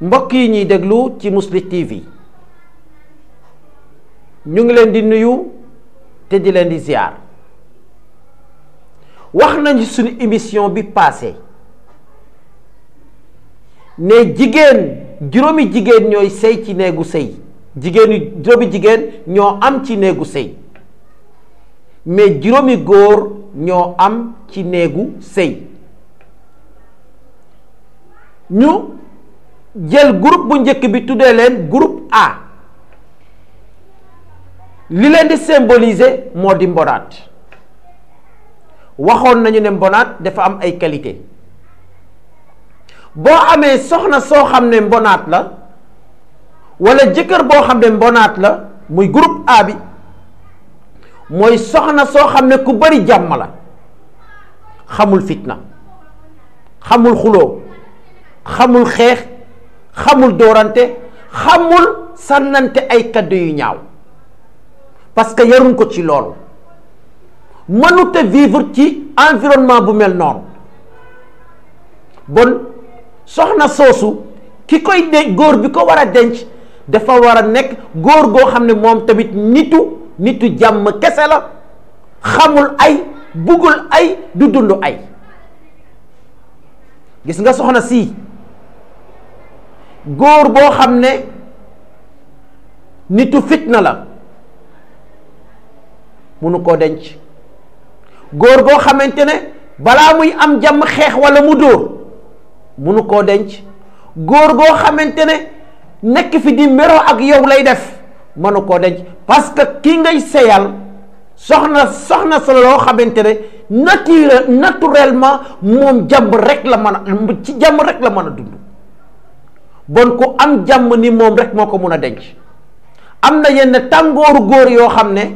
mbokk yi ñuy déglu ci Mouslih TV ñu ngi leen di nuyu te di leen di ziar wax nañu suñu émission bi paase ne jigéen juróomi jigéen ñooy sëy ci néegu sëy jigéenu juróomi jigéen ñoo am ci néegu sëy mais juróomi góor ñoo am ci néegu sëy ñu jël groupe bu njëkk bi tuddee leen groupe A li leen di symboliser moo di mbonaat waxoon nañu ne mbonaat dafa am ay qualité boo amee soxna soo xam ne mbonaat la walla jëkkër boo xam ne mbonaat la muy groupe A bi mooy soxna soo xam ne ku bari jàmm la xamul fitna xamul xuloo xamul xeex xamul doorante xamul sànnante ay kàddu yu ñaaw parce que yaruñ ko ci loolu mënut a vivre ci environnement bu mel noonu bon soxna soosu ki koy de góor bi ko war a denc dafa war a nekk góor goo xam ne moom tamit nitu nitu jàmm kese la xamul ay buggul ay du dund ay gis nga soxna si góor boo xam ne nitu na la munu koo denc góor goo xamante ne balaa muy am jàmm xeex walla mu dóor munu koo denc góor goo xamante ne nekk fi di meroo ak yow lay def mënu koo denc parce que ki ngay seyal soxna soxna sa loo xamante ne naturel naturellement moom jàmm rek la mën a ci jàmm rek la mën a dund bon ku am jàmm ni moom rek moo ko mun a denc am na yenn tàngooru góor yoo xam ne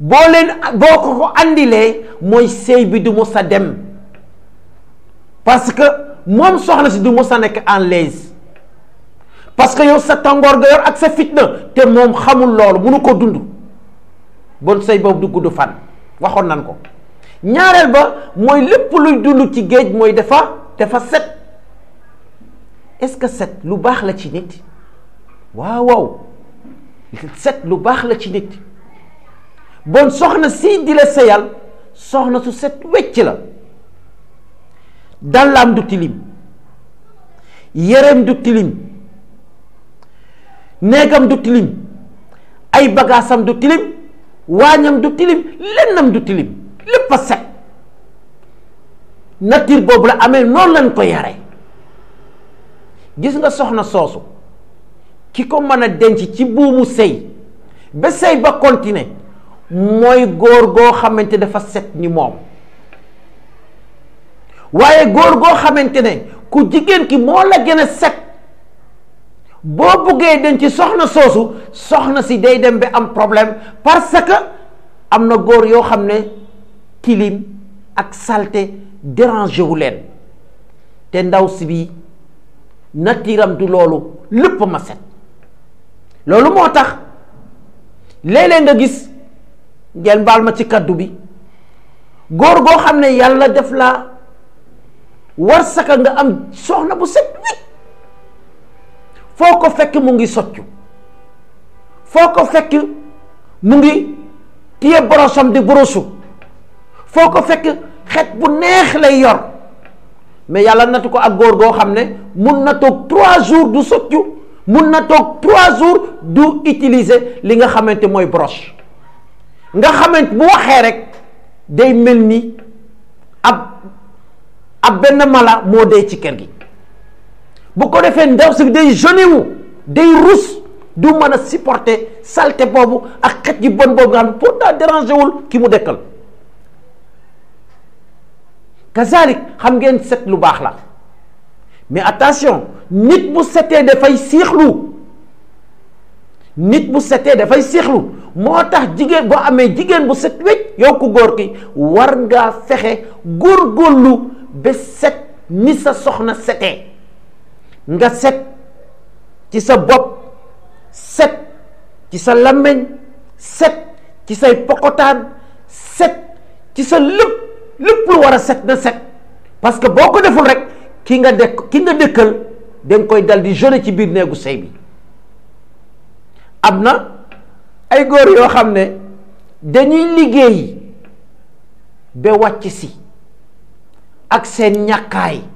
boo leen boo ko ko andilee mooy sëy bi du mu sa dem parce que moom soxna si du mu sa nekk en l'aise parce que yow sa tàngoor nga yor ak sa fitna te moom xamul loolu munu ko dund bon sëy boobu du gudd fan waxoon nan ko ñaareel ba mooy lépp luy dund ci géej mooy dafa dafa set est-ce que set lu baax la ci nit waaw waaw lu baax la ci nit bon soxna si di la seyal soxna su set wecc la dàllaam du tilim yéreem du tilim néegam du tilim ay bagaasam du tilim waañam du tilim lennam du tilim lépp a set nature boobu la amee noonu lañ ko yare gis nga soxna soosu ki ko mën a denc ci buumu sëy ba sëy ba continuer mooy góor goo xamante dafa set ni moom waaye góor goo xamante ne ku jigéen ki moo la gën a set boo buggee denc ci soxna soosu soxna si day dem ba am problème parce que am na góor yoo xam ne tilim ak salte dérange wu leen te ndaw si bi natiiram du loolu lépp ma set loolu moo tax léeg-léeg nga gis ngeen baal ma ci kaddu bi góor goo xam ne yàlla def laa war saka nga am soxna bu set wicc foo ko fekk mu ngi soccu foo ko fekk mu ngi téye borosam di borosu foo ko fekk xet bu neex lay yor mais yàlla natu ko ak góor goo xam ne mun na toog trois jours du soccu mun na toog trois jours du utiliser li nga xamante mooy broche nga xamante bu waxee rek day mel ni ab ab benn mala moo dee ci kër gi bu ko defee ndaw si day jeune wu day rus du mën a supporter salte boobu ak xet yi bon boobu nga xam ne pourtant dérangé wul ki mu dekkal kazalik xam ngeen set lu baax la mais attention nit bu setee dafay siixlu nit bu setee dafay siixlu moo tax jigéen boo amee jigéen bu set wecc yow ku góor ki war ngaa fexe góorgóorlu ba set ni sa soxna setee nga set ci sa bopp set ci sa làmmiñ set ci say pokotaan set ci sa lépp lépp lu war a set na set parce que boo ko deful rekk ki nga dekk ki nga dëkkal da koy dal di jone ci biir néegu sëy bi am na ay góor yoo xam ne dañuy liggéey ba wàcc si ak seen ñàkkaay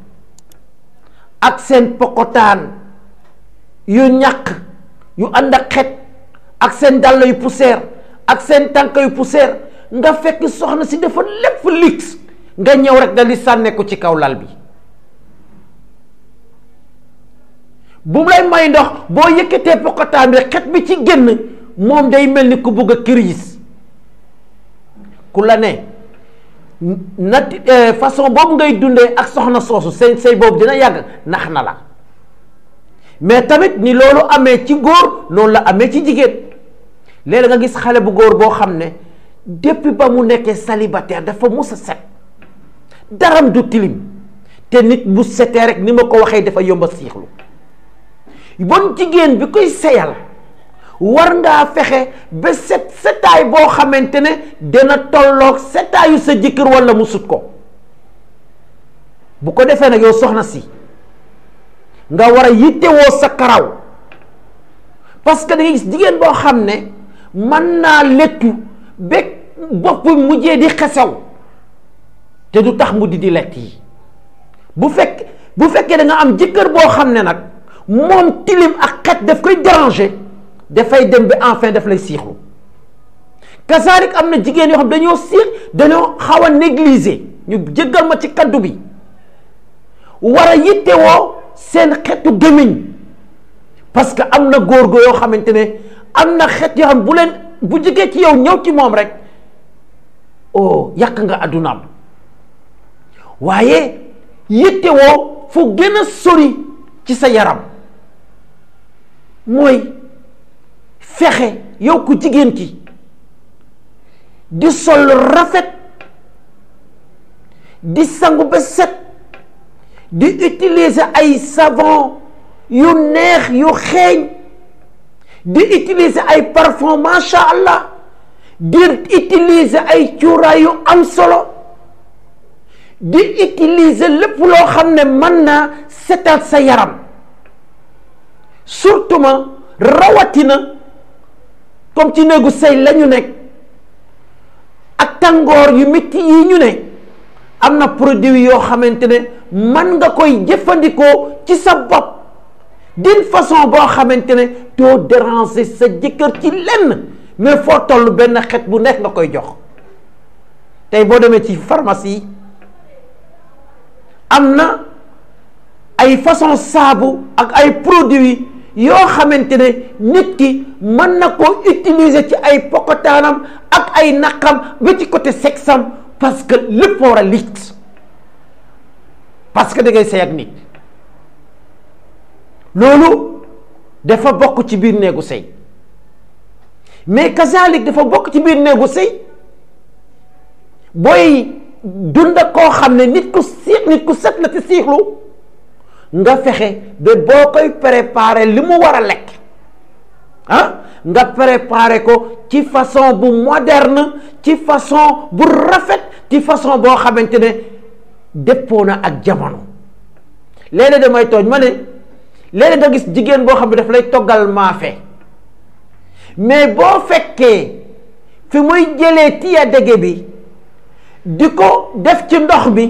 ak seen pokotaan yu ñaq yu ànd ak xet ak seen dàll yu poussière ak seen tànk yu poussière nga fekk soxna si dafa lépp lix nga ñëw rek dal sànne ko ci kaw lal bi bu mu lay may ndox boo yëkkatee pokotaan bi xet bi ci gën moom day mel ni ku bugg a ku la ne nati eh, façon boobu ngay dundee ak soxna soosu sëy sëy boobu dina yàgg nax na la mais tamit ni loolu amee ci góor noonu la amee ci jigéen léeg-léeg nga gis xale bu góor boo xam ne depuis ba mu nekkee célibataire dafa mus a set daram du tilim te nit bu setee rek ni ma ko waxee dafa yomb a siixlu bon jigéen bi koy seyal war ngaa fexe ba set setaay boo xamante ne dina tolloog setaayu sa jëkkër walla mu ko bu ko defee nag yow soxna si nga war a yittewoo sa karaw parce que da ngay gis jigéen boo xam ne mën naa lettu ba bopp mujjee di xesew te du tax mu di di lett yi bu fekk bu fekkee da am jëkkër boo xam ne nag moom tilim ak xet daf koy déranger dafay dem ba enfin daf lay siixlu kasaalik am na jigéen yoo xam dañoo siix dañoo xaw a négliger ñu jéggal ma ci kaddu bi war a yittewoo seen xetu gémmiñ parce que am na góor goo yoo xamante ne am na xet yoo xam bu leen bu jigee ci yow ñëw ci moom rek oh yàq nga addunaam waaye yittewoo fu gën a sori ci sa yaram mooy fexe yow ku jigéen ki di sol rafet di sangu ba set di utiliser ay savon yu neex yu xeeñ di utiliser ay parfum macha allah di utiliser ay cuuraay yu am solo di utiliser lépp loo xam ne mën naa setal sa yaram surtout ma rawatina comme ci néegu sëy lañu nekk ak tàngoor yu métti yi ñu ne am na produit yoo xamante ne man nga koy jëfandikoo ci sa bopp d'une façon boo xamante ne doo déranger sa jëkkër ci lenn mais foo toll benn xet bu nekk nga koy jox tey boo demee ci pharmacie am na ay façon saabu ak ay produits yoo xamante ne nit ki mën na koo utiliser ci ay pokotaanam ak ay naqam ba ci côté sexam parce que lépp war a lit parce que da ngay sey ak nit loolu dafa bokk ci biir néegu sëy mais kazalik dafa bokk ci biir néegu sëy booy dund koo xam ne nit ku siix nit ku set na te siixlu nga fexe ba boo koy préparer li mu war a lekk ah nga préparer ko ci façon bu moderne ci façon bu rafet ci façon boo xamante ne dëppoo na ak jamono léeg-léeg damay tooñ ma ne léeg-léeg gis jigéen boo xam ne daf lay toggal maafe mais boo fekkee fi muy jëlee tiya dege bi di ko def ci ndox bi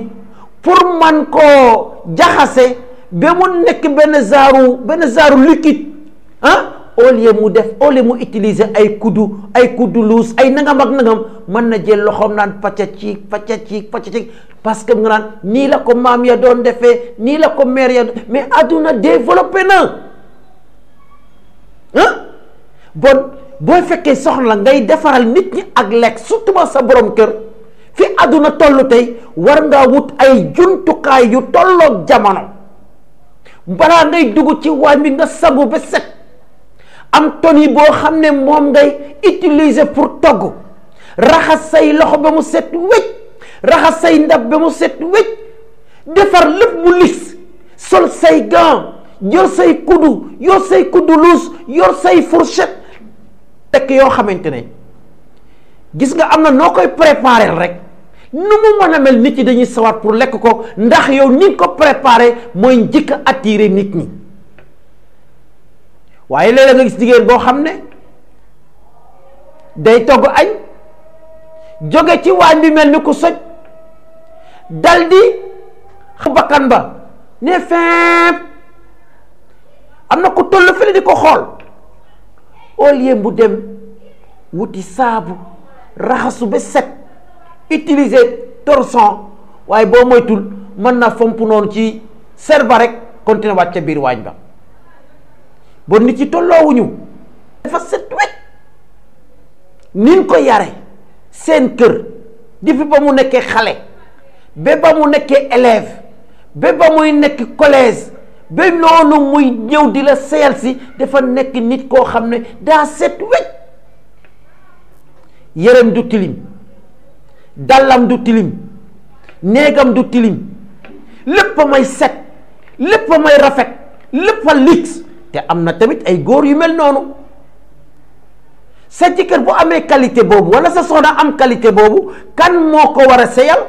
pour man koo jaxase ba mu nekk benn zaaru benn saaru liquide ah au mu def au mu utiliser ay kuddu ay kuddu luus ay nangam ak nangam mën na jël loxoom naan pacacik pacacik pacacik parce que nga naan nii la ko maam ya doon defee nii la ko mère ya mais adduna développé na ah bon boo fekkee soxla ngay defaral nit ñi ak lekk surtout sa borom kër fi adduna toll tey war ngaa wut ay jumtukaay yu tollook jamono. balaa ngay dugg ci waañ bi nga sabu ba set am ton boo xam ne moom ngay utiliser pour togg raxas say loxo ba mu set wécc raxas say ndab ba mu set wécc defar lépp mu lis sol say gant yor say kuddu yor say kuddu luus yor say fourchette tekk yoo xamante ne gis nga am na noo koy préparer rek nu mu mën a mel nit ñi dañuy sawar pour lekk ko ndax yow ni ko préparé mooy njëkk a attiré nit ñi waaye léeg nga gis jigéen boo xam ne day togg añ jóge ci waañ bi mel ni ku soj dal di xëbbakan ba ne fépp am na ko toll fële di ko xool au bu dem wuti saabu raxasu ba set utiliser torson waaye boo moytul mën na fomp noonu ci ser ba rek continuer wàcc ca biir waañ ba bon nit ci tolloowuñu dafa set wecc nin ko yare seen kër difi ba mu nekkee xale ba ba mu nekkee élève ba ba muy nekk collège ba noonu muy ñëw di la seyal si dafa nekk nit koo xam ne daa set wecc yërëm du tilim dàllam du tilim néegam du tilim lépp may set lépp may rafet lépp a te am na tamit ay góor yu mel noonu sa jëkkër bu amee qualité boobu wala sa soxna am qualité boobu kan moo ko war a seyal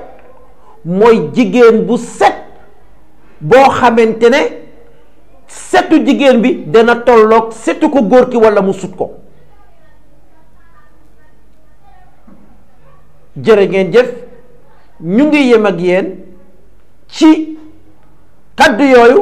mooy jigéen bu set boo xamante ne setu jigéen bi dana tollook setu ko góor ki wala mu sut ko jërë jëf ñu ngi yëm ak yéen ci kàddu yooyu